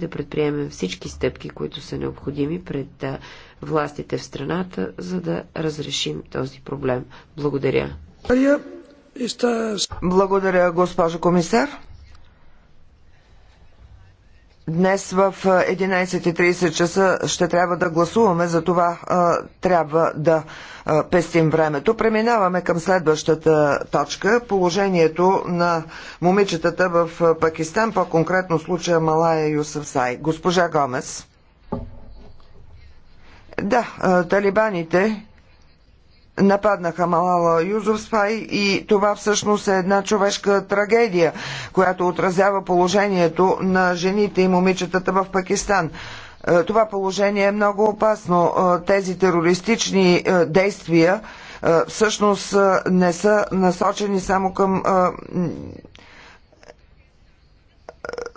и да предприемем всички стъпки, които са необходими пред властите в страната, за да разрешим този проблем. Благодаря. Благодаря, госпожо комисар. Днес в 11.30 часа ще трябва да гласуваме, за това трябва да пестим времето. Преминаваме към следващата точка. Положението на момичетата в Пакистан, по-конкретно случая Малая Юсъфсай. Госпожа Гомес. Да, талибаните нападнаха Малала Юзовспай и това всъщност е една човешка трагедия, която отразява положението на жените и момичетата в Пакистан. Е, това положение е много опасно. Е, тези терористични е, действия всъщност не са насочени само към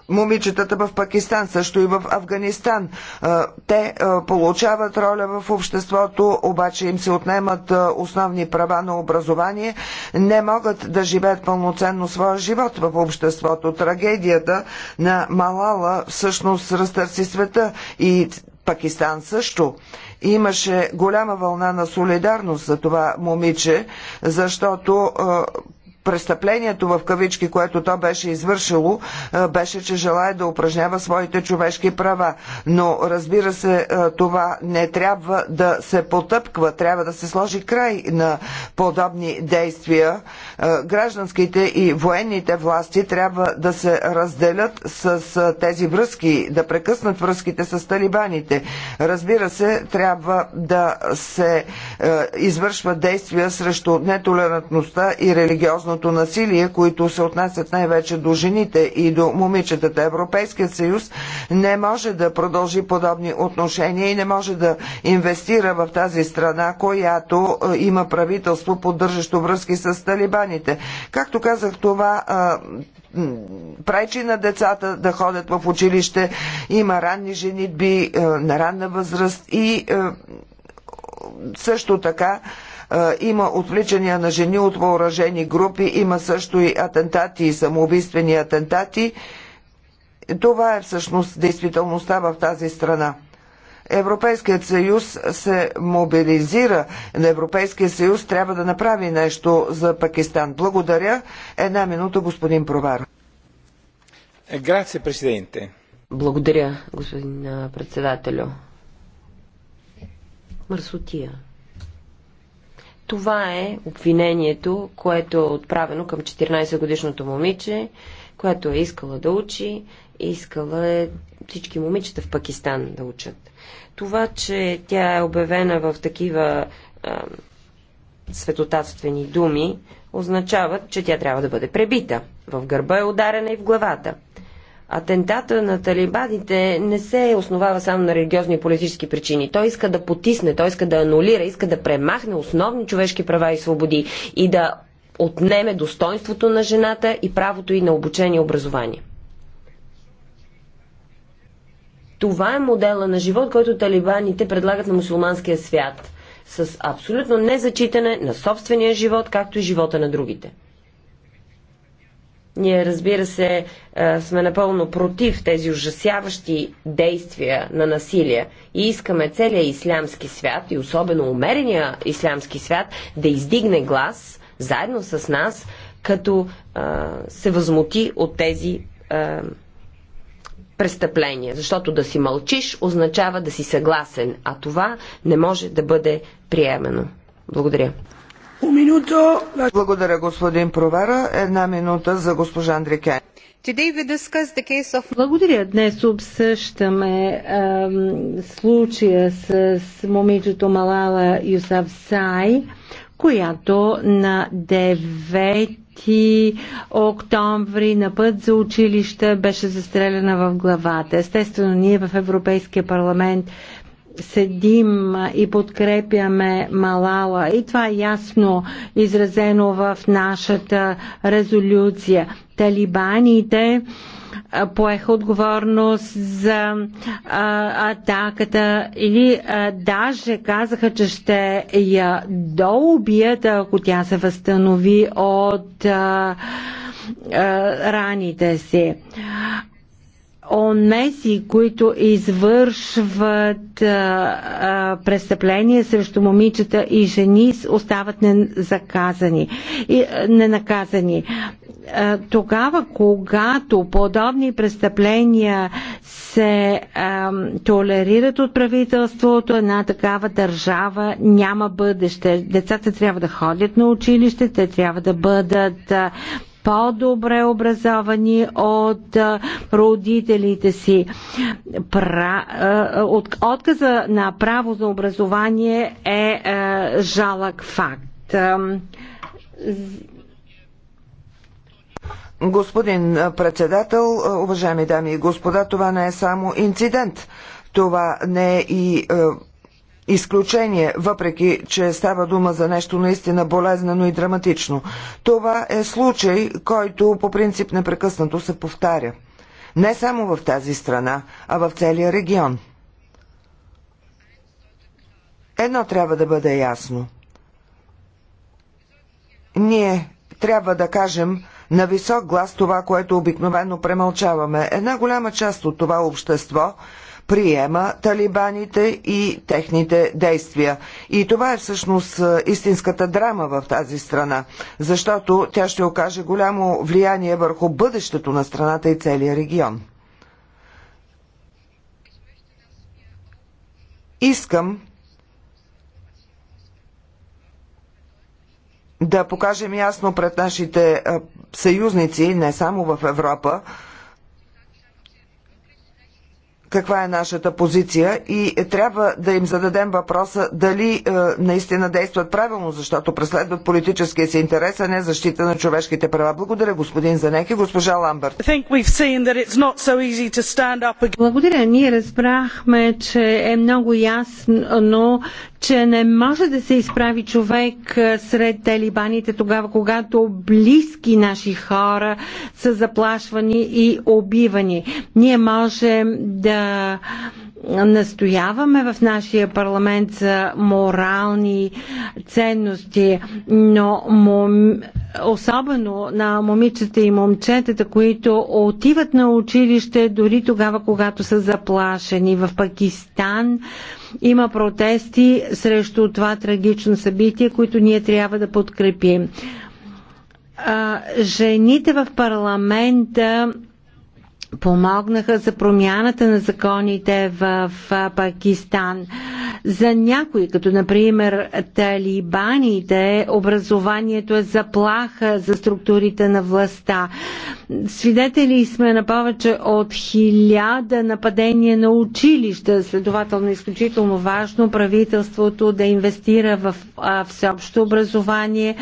момичетата в Пакистан, също и в Афганистан. Е, те е, получават роля в обществото, обаче им се отнемат е, основни права на образование, не могат да живеят пълноценно своя живот в обществото. Трагедията на Малала всъщност разтърси света и Пакистан също. Имаше голяма вълна на солидарност за това момиче, защото престъплението в кавички, което то беше извършило, е, беше, че желая да упражнява своите човешки права. Но разбира се, е, това не трябва да се потъпква, трябва да се сложи край на подобни действия. Е, гражданските и военните власти трябва да се разделят с тези връзки, да прекъснат връзките с талибаните. Разбира се, трябва да се извършват действия срещу нетолерантността и религиозно домашното насилие, които се отнасят най-вече до жените и до момичетата. Европейският съюз не може да продължи подобни отношения и не може да инвестира в тази страна, която е, има правителство, поддържащо връзки с талибаните. Както казах, това е, пречи на децата да ходят в училище, има ранни женитби е, на ранна възраст и също така е, има отвличания на жени от въоръжени групи, има също и атентати и самоубийствени атентати. Това е всъщност действителността в тази страна. Европейският съюз се мобилизира. На Европейския съюз трябва да направи нещо за Пакистан. Благодаря. Една минута, господин Провар. Е, грация, президенте. Благодаря, господин председателю. Мърсотия. Това е обвинението, което е отправено към 14-годишното момиче, което е искала да учи, искала е всички момичета в Пакистан да учат. Това, че тя е обявена в такива а, светотатствени думи, означава, че тя трябва да бъде пребита. В гърба е ударена и в главата. Атентата на талибаните не се основава само на религиозни и политически причини. Той иска да потисне, той иска да анулира, иска да премахне основни човешки права и свободи и да отнеме достоинството на жената и правото и на обучение и образование. Това е модела на живот, който талибаните предлагат на мусулманския свят с абсолютно незачитане на собствения живот, както и живота на другите. Ние, разбира се, е, сме напълно против тези ужасяващи действия на насилие и искаме целият ислямски свят и особено умерения ислямски свят да издигне глас заедно с нас, като а, е, се възмути от тези а, е, престъпления. Защото да си мълчиш означава да си съгласен, а това не може да бъде приемено. Благодаря. Благодаря, господин Провара. Една минута за госпожа Андрикен. Благодаря. Днес обсъщаме случая с, момичето Малала Сай, която на 9 октомври на път за училище беше застреляна в главата. Естествено, ние в Европейския парламент седим и подкрепяме Малала. И това е ясно изразено в нашата резолюция. Талибаните поеха отговорност за а, атаката или а, даже казаха, че ще я доубият, ако тя се възстанови от а, а, раните си онези, които извършват а, а, престъпления срещу момичета и жени, остават ненаказани. И, а, ненаказани. А, тогава, когато подобни престъпления се а, толерират от правителството, една такава държава няма бъдеще. Децата трябва да ходят на училище, те трябва да бъдат а, по-добре образовани от родителите си. Отказа на право за образование е жалък факт. Господин председател, уважаеми дами и господа, това не е само инцидент. Това не е и изключение, въпреки че става дума за нещо наистина болезнено и драматично. Това е случай, който по принцип непрекъснато се повтаря. Не само в тази страна, а в целия регион. Едно трябва да бъде ясно. Ние трябва да кажем на висок глас това, което обикновено премълчаваме. Една голяма част от това общество приема талибаните и техните действия. И това е всъщност истинската драма в тази страна, защото тя ще окаже голямо влияние върху бъдещето на страната и целия регион. Искам да покажем ясно пред нашите съюзници, не само в Европа, каква е нашата позиция и трябва да им зададем въпроса дали е, наистина действат правилно, защото преследват политическия си интерес, а не защита на човешките права. Благодаря господин и госпожа Ламбърт. So Благодаря. Ние разбрахме, че е много ясно, че не може да се изправи човек е, сред талибаните тогава, когато близки наши хора са заплашвани и убивани. Ние можем да е, настояваме в нашия парламент за морални ценности, но мом... особено на момичета и момчетата, които отиват на училище дори тогава, когато са заплашени. В Пакистан има протести срещу това трагично събитие, които ние трябва да подкрепим. жените в парламента помогнаха за промяната на законите в Пакистан. За някои, като например талибаните, образованието е заплаха за структурите на властта. Свидетели сме на повече от хиляда нападения на училища, следователно е изключително важно правителството да инвестира в всеобщо образование,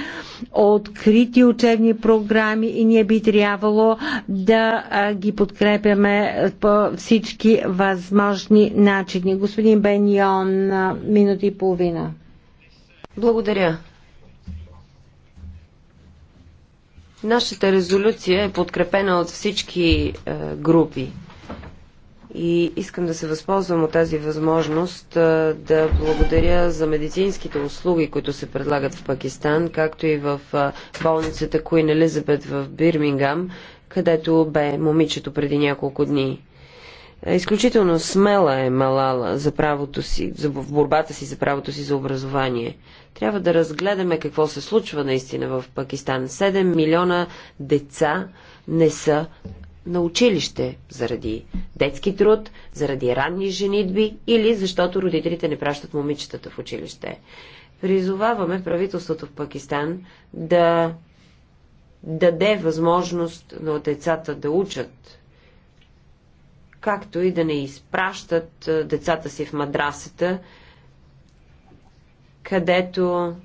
открити учебни програми и ние би трябвало да ги подкрепим подкрепяме по всички възможни начини. Господин Беньон, минути и половина. Благодаря. Нашата резолюция е подкрепена от всички е, групи. И искам да се възползвам от тази възможност е, да благодаря за медицинските услуги, които се предлагат в Пакистан, както и в е, болницата Куин Елизабет в Бирмингам, където бе момичето преди няколко дни. Е, изключително смела е Малала за правото си, за, в борбата си за правото си за образование. Трябва да разгледаме какво се случва наистина в Пакистан. 7 милиона деца не са на училище заради детски труд, заради ранни женитби или защото родителите не пращат момичетата в училище. Призоваваме правителството в Пакистан да даде възможност на децата да учат, както и да не изпращат децата си в мадрасата, където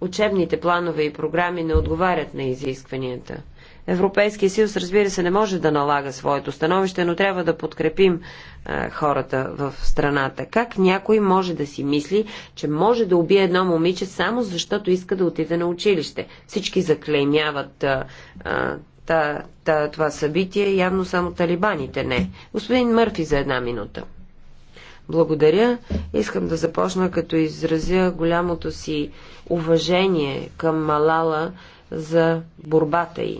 учебните планове и програми не отговарят на изискванията. Европейския съюз, разбира се, не може да налага своето становище, но трябва да подкрепим а, хората в страната. Как някой може да си мисли, че може да убие едно момиче само защото иска да отиде на училище? Всички заклеймяват а, а, та, та, това събитие, явно само талибаните не. Господин Мърфи за една минута. Благодаря. Искам да започна като изразя голямото си уважение към Малала за борбата й.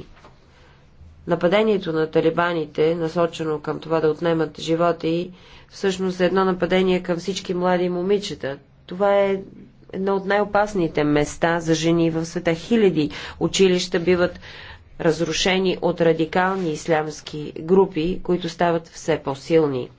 Нападението на талибаните, насочено към това да отнемат живота и всъщност е едно нападение към всички млади момичета. Това е едно от най-опасните места за жени в света. Хиляди училища биват разрушени от радикални ислямски групи, които стават все по-силни.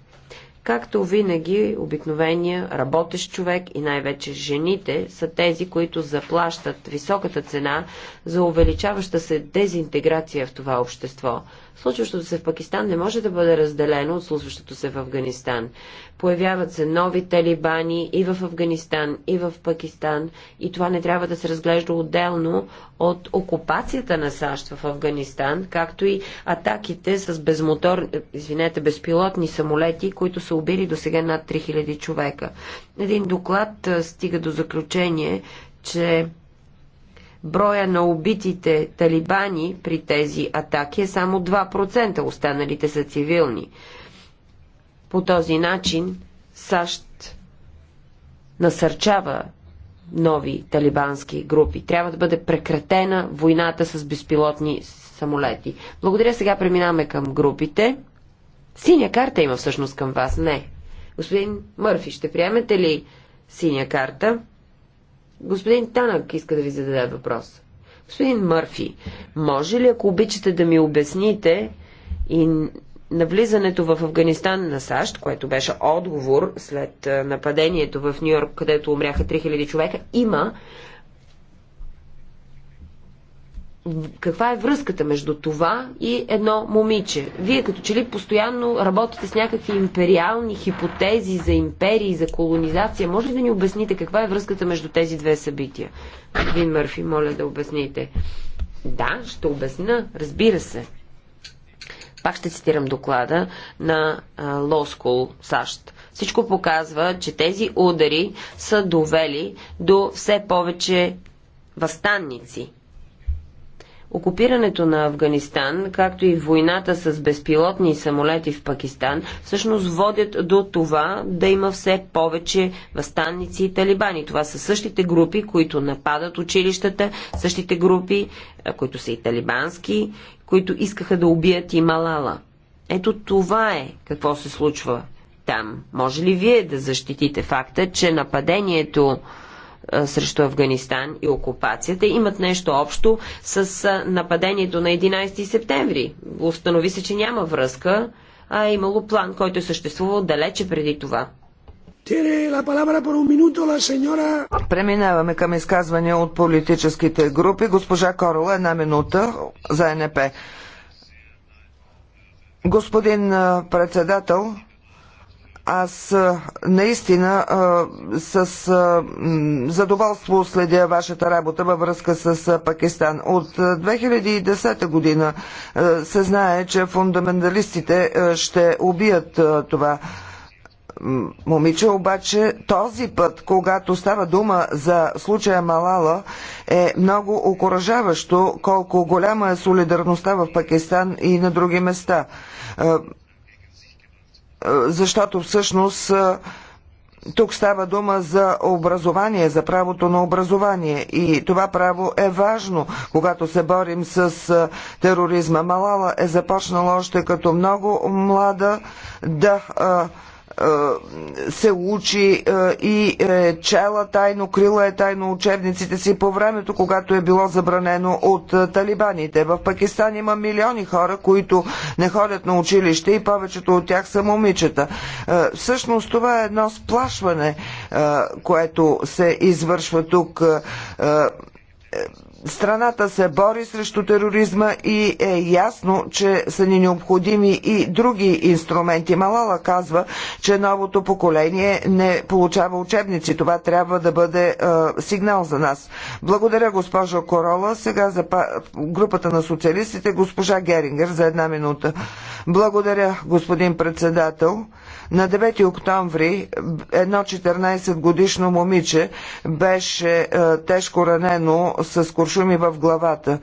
Както винаги, обикновения, работещ човек и най-вече жените са тези, които заплащат високата цена за увеличаваща се дезинтеграция в това общество. Случващото се в Пакистан не може да бъде разделено от случващото се в Афганистан. Появяват се нови талибани и в Афганистан, и в Пакистан, и това не трябва да се разглежда отделно от окупацията на САЩ в Афганистан, както и атаките с безмотор, извинете, безпилотни самолети, които са убили до сега над 3000 човека. Един доклад стига до заключение, че Броя на убитите талибани при тези атаки е само 2%, останалите са цивилни. По този начин САЩ насърчава нови талибански групи. Трябва да бъде прекратена войната с безпилотни самолети. Благодаря, сега преминаваме към групите. Синя карта има всъщност към вас. Не. Господин Мърфи, ще приемете ли синя карта? Господин Танък иска да ви зададе въпрос. Господин Мърфи, може ли, ако обичате да ми обясните и навлизането в Афганистан на САЩ, което беше отговор след нападението в Нью Йорк, където умряха 3000 човека, има каква е връзката между това и едно момиче? Вие като че ли постоянно работите с някакви империални хипотези за империи, за колонизация. Може ли да ни обясните каква е връзката между тези две събития? Вин Мърфи, моля да обясните. Да, ще обясна, разбира се. Пак ще цитирам доклада на Лоскол САЩ. Всичко показва, че тези удари са довели до все повече възстанници, Окупирането на Афганистан, както и войната с безпилотни самолети в Пакистан, всъщност водят до това да има все повече възстанници и талибани. Това са същите групи, които нападат училищата, същите групи, които са и талибански, които искаха да убият и Малала. Ето това е какво се случва там. Може ли вие да защитите факта, че нападението срещу Афганистан и окупацията имат нещо общо с нападението на 11 септември. Установи се, че няма връзка, а е имало план, който е съществувал далече преди това. Преминаваме към изказвания от политическите групи. Госпожа Корола, една минута за НП. Господин председател, аз наистина с задоволство следя вашата работа във връзка с Пакистан. От 2010 година се знае, че фундаменталистите ще убият това момиче, обаче този път, когато става дума за случая Малала, е много окоръжаващо колко голяма е солидарността в Пакистан и на други места защото всъщност тук става дума за образование, за правото на образование и това право е важно, когато се борим с тероризма. Малала е започнала още като много млада да е, се учи е, и е чела тайно, крила е тайно учебниците си по времето, когато е било забранено от е, талибаните. В Пакистан има милиони хора, които не ходят на училище и повечето от тях са момичета. Всъщност това е едно сплашване, което се извършва тук Страната се бори срещу тероризма и е ясно, че са ни необходими и други инструменти. Малала казва, че новото поколение не получава учебници. Това трябва да бъде е, сигнал за нас. Благодаря, госпожо Корола. Сега за групата на социалистите, госпожа Герингер, за една минута. Благодаря, господин председател. На 9 октомври едно 14 годишно момиче беше е, тежко ранено с куршуми в главата.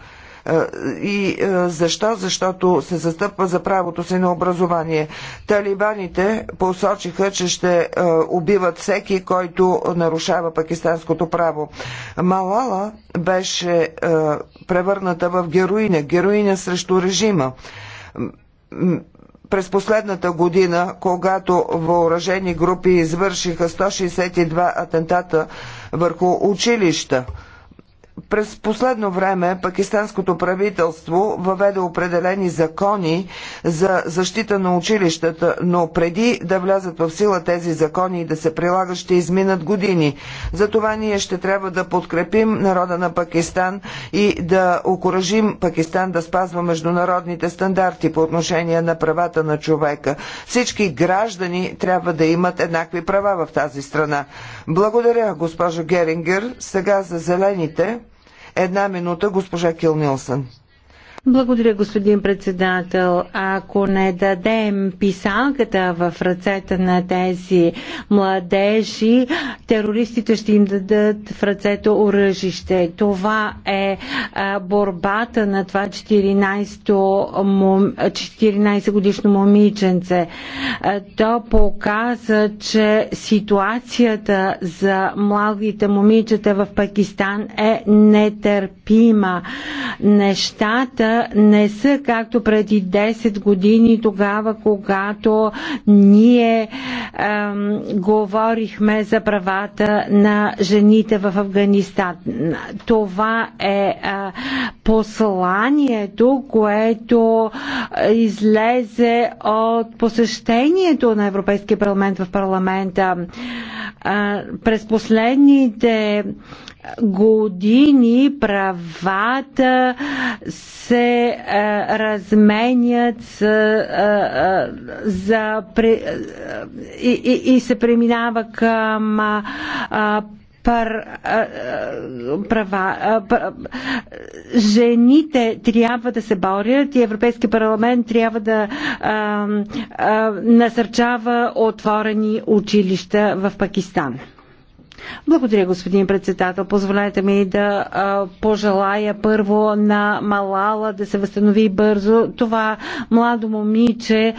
Е, и е, защо? Защото се застъпва за правото си на образование. Талибаните посочиха, че ще убиват всеки, който нарушава пакистанското право. Малала беше превърната в героиня, героиня срещу режима през последната година, когато въоръжени групи извършиха 162 атентата върху училища. През последно време пакистанското правителство въведе определени закони за защита на училищата, но преди да влязат в сила тези закони и да се прилагат, ще изминат години. Затова ние ще трябва да подкрепим народа на Пакистан и да окоръжим Пакистан да спазва международните стандарти по отношение на правата на човека. Всички граждани трябва да имат еднакви права в тази страна. Благодаря, госпожо Герингер. Сега за зелените. Една минута, госпожа Кил Нилсън. Благодаря, господин председател. Ако не дадем писалката в ръцете на тези младежи, терористите ще им дадат в ръцето оръжище. Това е борбата на това 14 годишно момиченце. То показа, че ситуацията за младите момичета в Пакистан е нетърпима. Нещата не са както преди 10 години, тогава, когато ние ем, говорихме за правата на жените в Афганистан. Това е е посланието, което излезе от посещението на Европейския парламент в парламента. Е, през последните години правата се а, разменят с, а, а, за, при, а, и, и се преминава към а, пар, а, права. А, пар, жените трябва да се борят и Европейския парламент трябва да а, а, насърчава отворени училища в Пакистан. Благодаря, господин председател. Позволете ми да а, пожелая първо на Малала да се възстанови бързо. Това младо момиче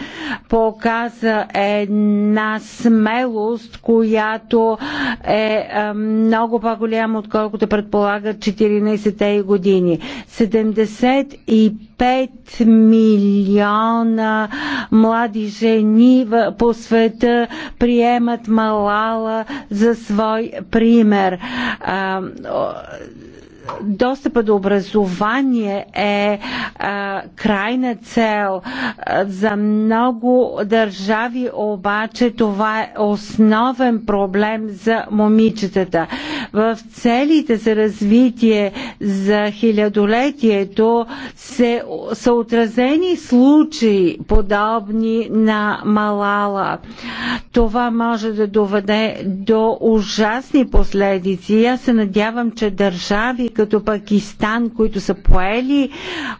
показа една смелост, която е а, много по-голяма, отколкото предполагат 14-те години. 75 милиона млади жени по света приемат Малала за свой пример достъпа до образование е а, е, крайна цел. За много държави обаче това е основен проблем за момичетата. В целите за развитие за хилядолетието се, са отразени случаи подобни на Малала. Това може да доведе до ужасни последици. аз се надявам, че държави, като Пакистан, които са поели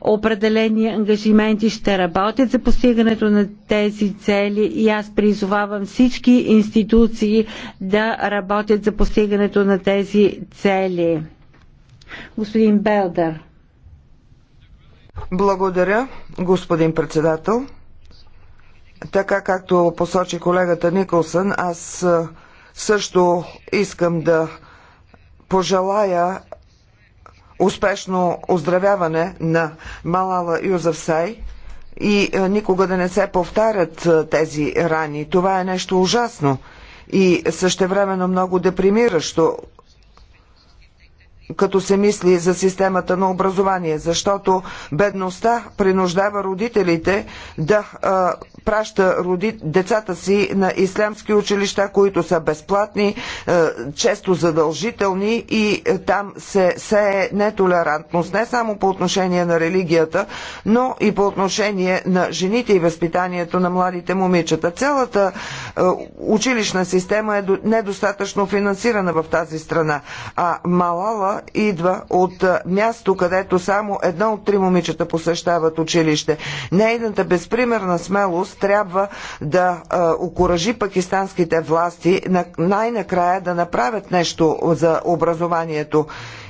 определени ангажименти, ще работят за постигането на тези цели и аз призовавам всички институции да работят за постигането на тези цели. Господин Белдър. Благодаря, господин председател. Така както посочи колегата Николсън, аз също искам да пожелая успешно оздравяване на Малала Юзавсай, и е, никога да не се повтарят е, тези рани. Това е нещо ужасно и същевременно много депримиращо като се мисли за системата на образование, защото бедността принуждава родителите да а, праща роди, децата си на ислямски училища, които са безплатни, а, често задължителни и а, там се сее нетолерантност не само по отношение на религията, но и по отношение на жените и възпитанието на младите момичета. Цялата а, училищна система е недостатъчно финансирана в тази страна, а Малала идва от място, където само едно от три момичета посещават училище. Нейната безпримерна смелост трябва да окоръжи пакистанските власти най-накрая да направят нещо за образованието.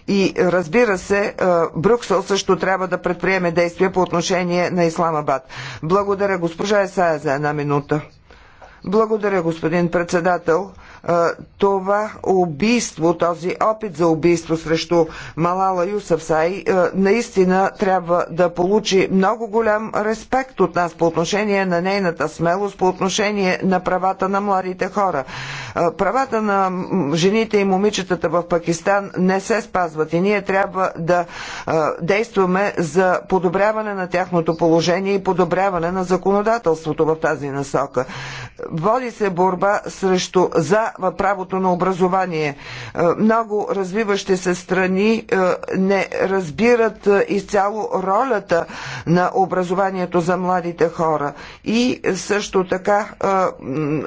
И разбира се, Брюксел също трябва да предприеме действия по отношение на Исламабад. Благодаря госпожа Есая за една минута. Благодаря господин председател това убийство, този опит за убийство срещу Малала Юсъфсай наистина трябва да получи много голям респект от нас по отношение на нейната смелост, по отношение на правата на младите хора. Правата на жените и момичетата в Пакистан не се спазват и ние трябва да действаме за подобряване на тяхното положение и подобряване на законодателството в тази насока. Води се борба срещу за правото на образование. Е, много развиващи се страни е, не разбират е, изцяло ролята на образованието за младите хора и също така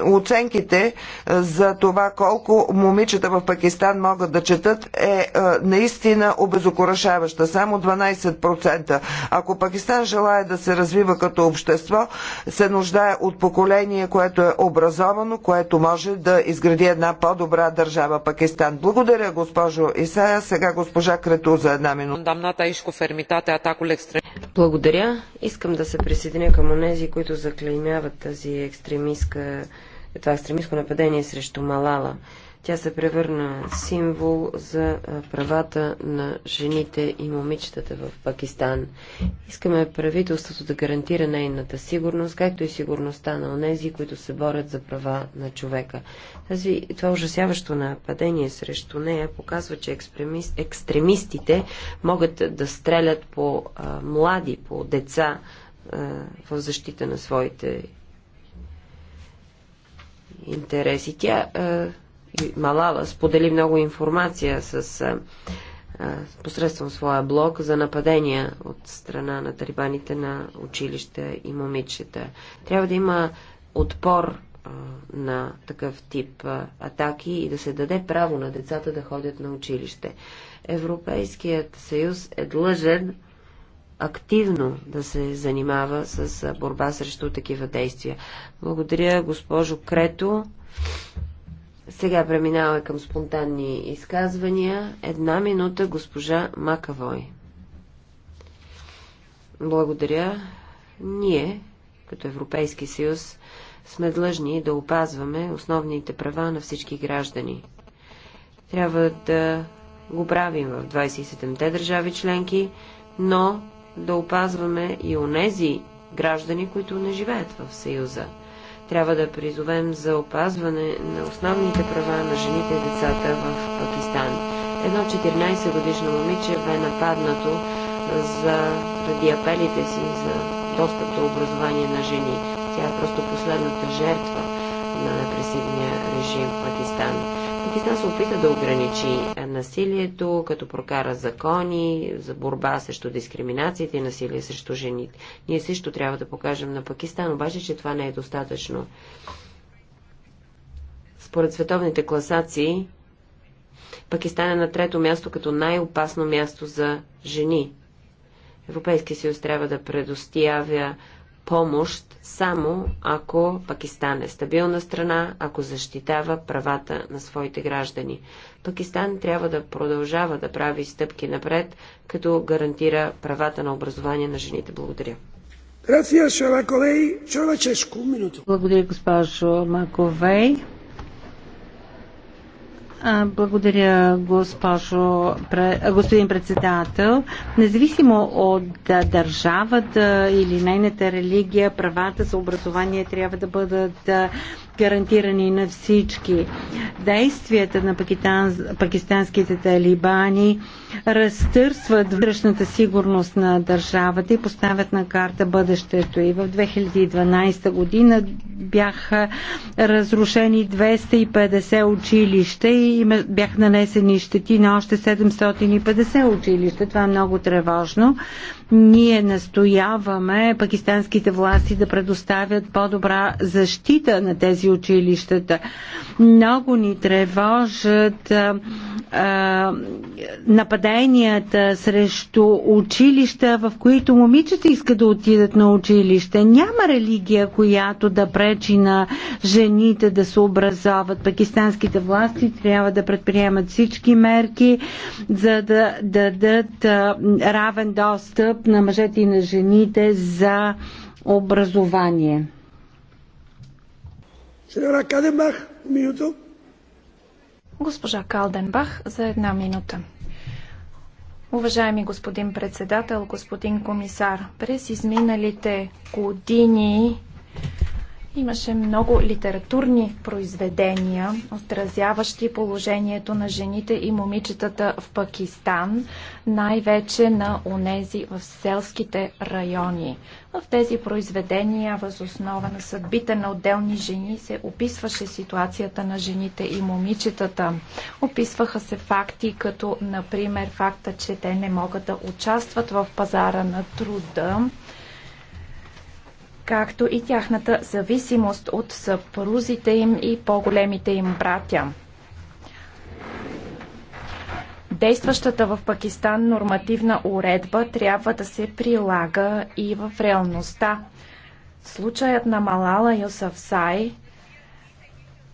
оценките за това колко момичета в Пакистан могат да четат е наистина обезокорашаваща. Само 12%. Ако Пакистан желая да се развива като общество, се нуждае от поколение, което е образовано, което може да изгради ви една по-добра държава Пакистан. Благодаря, госпожо Исая. Сега госпожа Крету, за една минута. Благодаря. Искам да се присъединя към онези, които заклеймяват тази екстремистка, това екстремистко нападение срещу Малала. Тя се превърна символ за правата на жените и момичетата в Пакистан. Искаме правителството да гарантира нейната сигурност, както и сигурността на онези, които се борят за права на човека. Тази, това ужасяващо нападение срещу нея показва, че екстремист, екстремистите могат да стрелят по а, млади, по деца а, в защита на своите интереси. Тя а, Малала сподели много информация с а, посредством своя блог за нападения от страна на талибаните на училища и момичета. Трябва да има отпор а, на такъв тип а, атаки и да се даде право на децата да ходят на училище. Европейският съюз е длъжен активно да се занимава с борба срещу такива действия. Благодаря, госпожо Крето. Сега преминаваме към спонтанни изказвания. Една минута госпожа Макавой. Благодаря. Ние, като Европейски съюз, сме длъжни да опазваме основните права на всички граждани. Трябва да го правим в 27-те държави членки, но да опазваме и онези граждани, които не живеят в Съюза – трябва да призовем за опазване на основните права на жените и децата в Пакистан. Едно 14-годишно момиче бе нападнато заради апелите си за достъп до образование на жени. Тя е просто последната жертва на репресивния режим в Пакистан. Пакистан се опита да ограничи е, насилието, като прокара закони за борба срещу дискриминацията и насилие срещу жените. Ние също трябва да покажем на Пакистан, обаче, че това не е достатъчно. Според световните класации, Пакистан е на трето място като най-опасно място за жени. Европейския съюз трябва да предостиявя помощ само ако Пакистан е стабилна страна, ако защитава правата на своите граждани. Пакистан трябва да продължава да прави стъпки напред, като гарантира правата на образование на жените. Благодаря. Благодаря, госпожо Маковей. Благодаря, госпожо, господин председател. Независимо от държавата или нейната религия, правата за образование трябва да бъдат гарантирани на всички. Действията на пакистан, пакистанските талибани разтърсват вътрешната сигурност на държавата и поставят на карта бъдещето. И в 2012 година бяха разрушени 250 училища и бяха нанесени щети на още 750 училища. Това е много тревожно. Ние настояваме пакистанските власти да предоставят по-добра защита на тези тези училищата. Много ни тревожат а, а, нападенията срещу училища, в които момичета искат да отидат на училище. Няма религия, която да пречи на жените да се образоват. Пакистанските власти трябва да предприемат всички мерки, за да дадат а, равен достъп на мъжете и на жените за образование. Сеньора Каденбах, минуто. Госпожа Калденбах за една минута. Уважаеми господин председател, господин комисар, през изминалите години Имаше много литературни произведения, отразяващи положението на жените и момичетата в Пакистан, най-вече на онези в селските райони. В тези произведения, въз основа на съдбите на отделни жени, се описваше ситуацията на жените и момичетата. Описваха се факти, като, например, факта, че те не могат да участват в пазара на труда, както и тяхната зависимост от съпрузите им и по-големите им братя. Действащата в Пакистан нормативна уредба трябва да се прилага и в реалността. Случаят на Малала Юсафсай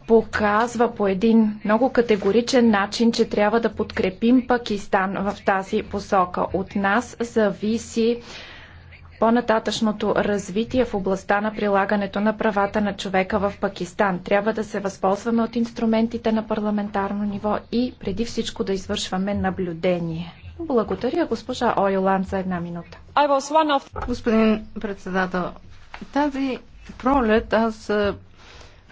показва по един много категоричен начин, че трябва да подкрепим Пакистан в тази посока. От нас зависи по-нататъчното развитие в областта на прилагането на правата на човека в Пакистан. Трябва да се възползваме от инструментите на парламентарно ниво и преди всичко да извършваме наблюдение. Благодаря, госпожа Ойолан, за една минута. Of... Господин председател, тази пролет аз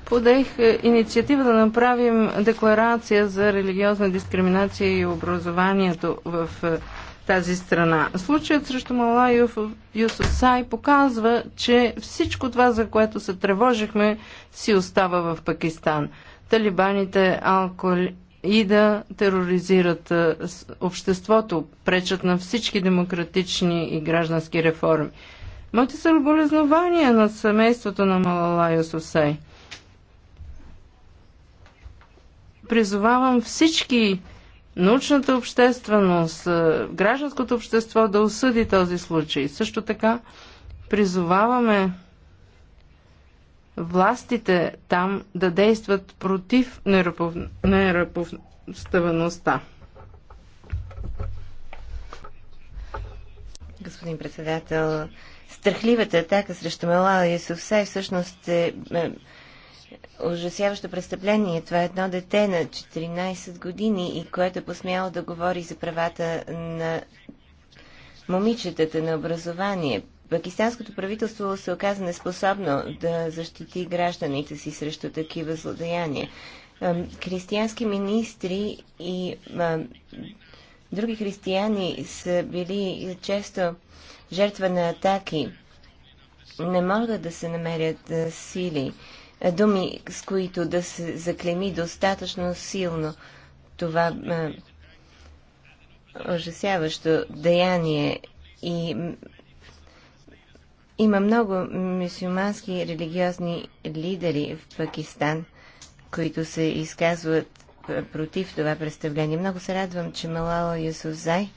подех инициатива да направим декларация за религиозна дискриминация и образованието в тази страна. Случаят срещу Мала Юсусай показва, че всичко това, за което се тревожихме, си остава в Пакистан. Талибаните, алкохол и да тероризират обществото, пречат на всички демократични и граждански реформи. Моите болезнования на семейството на Малала Юсусай. Призовавам всички научната общественост, е, гражданското общество да осъди този случай. Също така призоваваме властите там да действат против неръпов... Господин председател, страхливата атака срещу Малала съвсем всъщност е, е ужасяващо престъпление. Това е едно дете на 14 години и което е посмяло да говори за правата на момичетата на образование. Пакистанското правителство се оказа неспособно да защити гражданите си срещу такива злодеяния. Християнски министри и други християни са били често жертва на атаки. Не могат да се намерят сили думи, с които да се заклеми достатъчно силно това а, е, ужасяващо деяние и има много мюсюлмански религиозни лидери в Пакистан, които се изказват е, против това представление. Много се радвам, че Малала Юсуфзай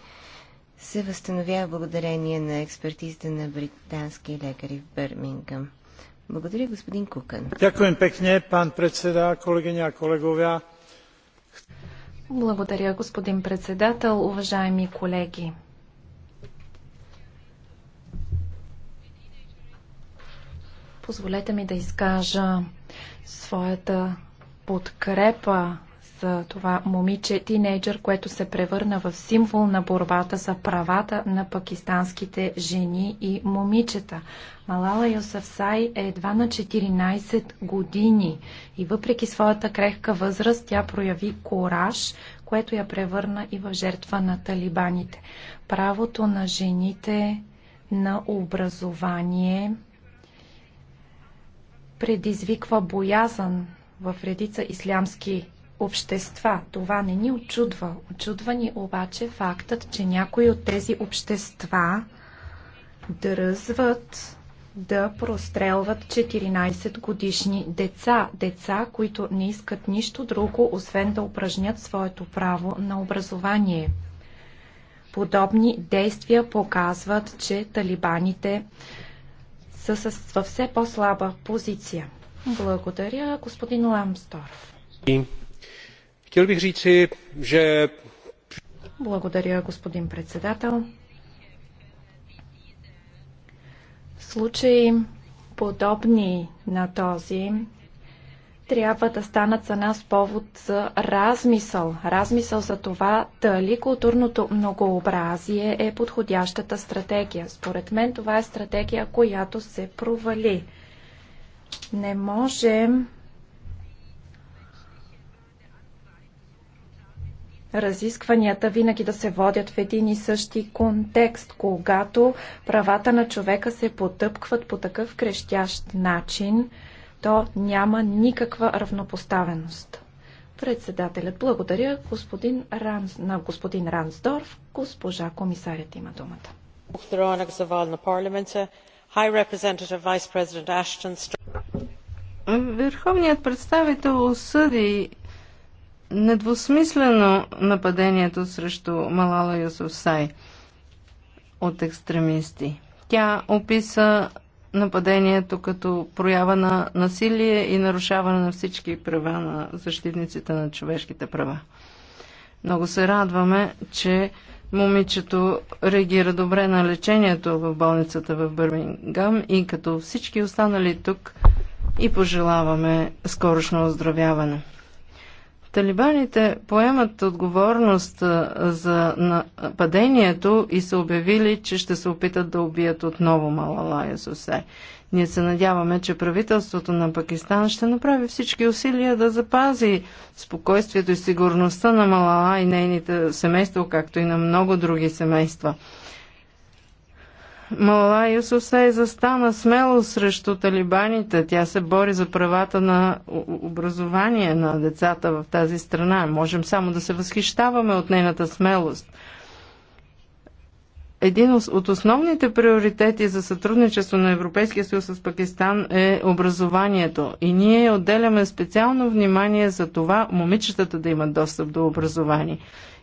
се възстановява благодарение на експертизата на британски лекари в Бърмингъм. Благодаря, господин Кукан. Дякуем пекне, пан председа, колегиня, колеговя. Благодаря, господин председател, уважаеми колеги. Позволете ми да изкажа своята подкрепа за това момиче, тинейджър, което се превърна в символ на борбата за правата на пакистанските жени и момичета. Малала Йосафсай е едва на 14 години и въпреки своята крехка възраст тя прояви кораж, което я превърна и в жертва на талибаните. Правото на жените на образование предизвиква боязън в редица ислямски общества. Това не ни очудва. Очудва ни обаче фактът, че някои от тези общества дръзват да прострелват 14 годишни деца. Деца, които не искат нищо друго, освен да упражнят своето право на образование. Подобни действия показват, че талибаните са във все по-слаба позиция. Благодаря, господин Ламсторф. Chtěl bych říci, že... Благодаря, господин председател. Случаи подобни на този трябва да станат за нас повод за размисъл. Размисъл за това дали културното многообразие е подходящата стратегия. Според мен това е стратегия, която се провали. Не можем разискванията винаги да се водят в един и същи контекст, когато правата на човека се потъпкват по такъв крещящ начин, то няма никаква равнопоставеност. Председателят благодаря господин Ранс, на господин Рансдорф. Госпожа комисарят има думата. Върховният представител осъди недвусмислено нападението срещу Малала Юсуфсай от екстремисти. Тя описа нападението като проява на насилие и нарушаване на всички права на защитниците на човешките права. Много се радваме, че момичето реагира добре на лечението в болницата в Бърмингам и като всички останали тук и пожелаваме скорошно оздравяване. Талибаните поемат отговорност за нападението и са обявили, че ще се опитат да убият отново Малалая Сосе. Ние се надяваме, че правителството на Пакистан ще направи всички усилия да запази спокойствието и сигурността на Малала и нейните семейства, както и на много други семейства. Малая е застана смело срещу талибаните. Тя се бори за правата на образование на децата в тази страна. Можем само да се възхищаваме от нейната смелост. Един от основните приоритети за сътрудничество на Европейския съюз с Пакистан е образованието. И ние отделяме специално внимание за това момичетата да имат достъп до образование.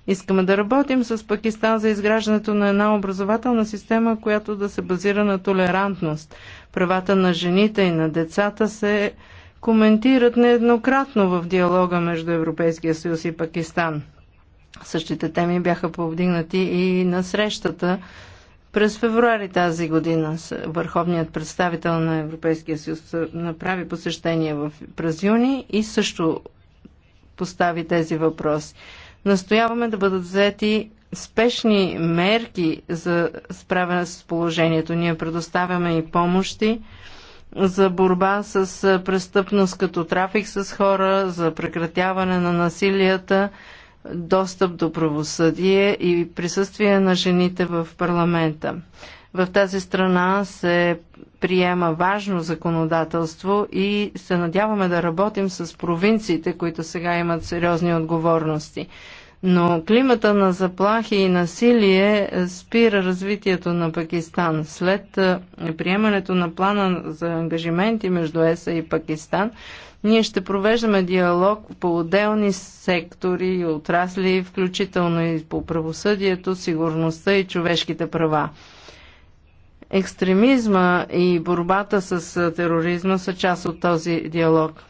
Искаме да работим с Пакистан за изграждането на една образователна система, която да се базира на толерантност. Правата на жените и на децата се коментират нееднократно в диалога между Европейския съюз и Пакистан. Същите теми бяха повдигнати и на срещата през февруари тази година върховният представител на Европейския съюз направи посещение в, през юни и също постави тези въпроси. Настояваме да бъдат взети спешни мерки за справяне с положението. Ние предоставяме и помощи за борба с престъпност като трафик с хора, за прекратяване на насилията, достъп до правосъдие и присъствие на жените в парламента. В тази страна се приема важно законодателство и се надяваме да работим с провинциите, които сега имат сериозни отговорности. Но климата на заплахи и насилие спира развитието на Пакистан. След приемането на плана за ангажименти между ЕСА и Пакистан, ние ще провеждаме диалог по отделни сектори и отрасли, включително и по правосъдието, сигурността и човешките права екстремизма и борбата с тероризма са част от този диалог.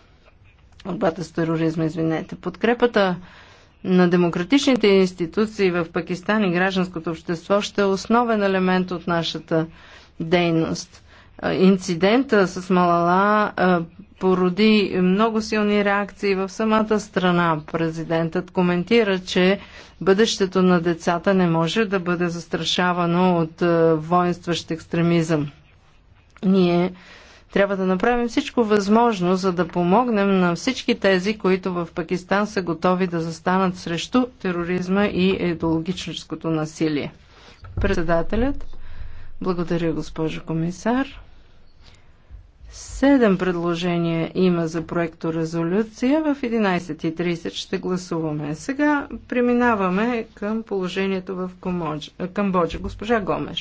Борбата с тероризма, извинете. Подкрепата на демократичните институции в Пакистан и гражданското общество ще е основен елемент от нашата дейност. Инцидента с Малала породи много силни реакции в самата страна. Президентът коментира, че бъдещето на децата не може да бъде застрашавано от воинстващ екстремизъм. Ние трябва да направим всичко възможно, за да помогнем на всички тези, които в Пакистан са готови да застанат срещу тероризма и идеологическото насилие. Председателят, благодаря госпожо комисар. Седем предложения има за проекто резолюция. В 11.30 ще гласуваме. Сега преминаваме към положението в Камбоджа. Госпожа Гомеш.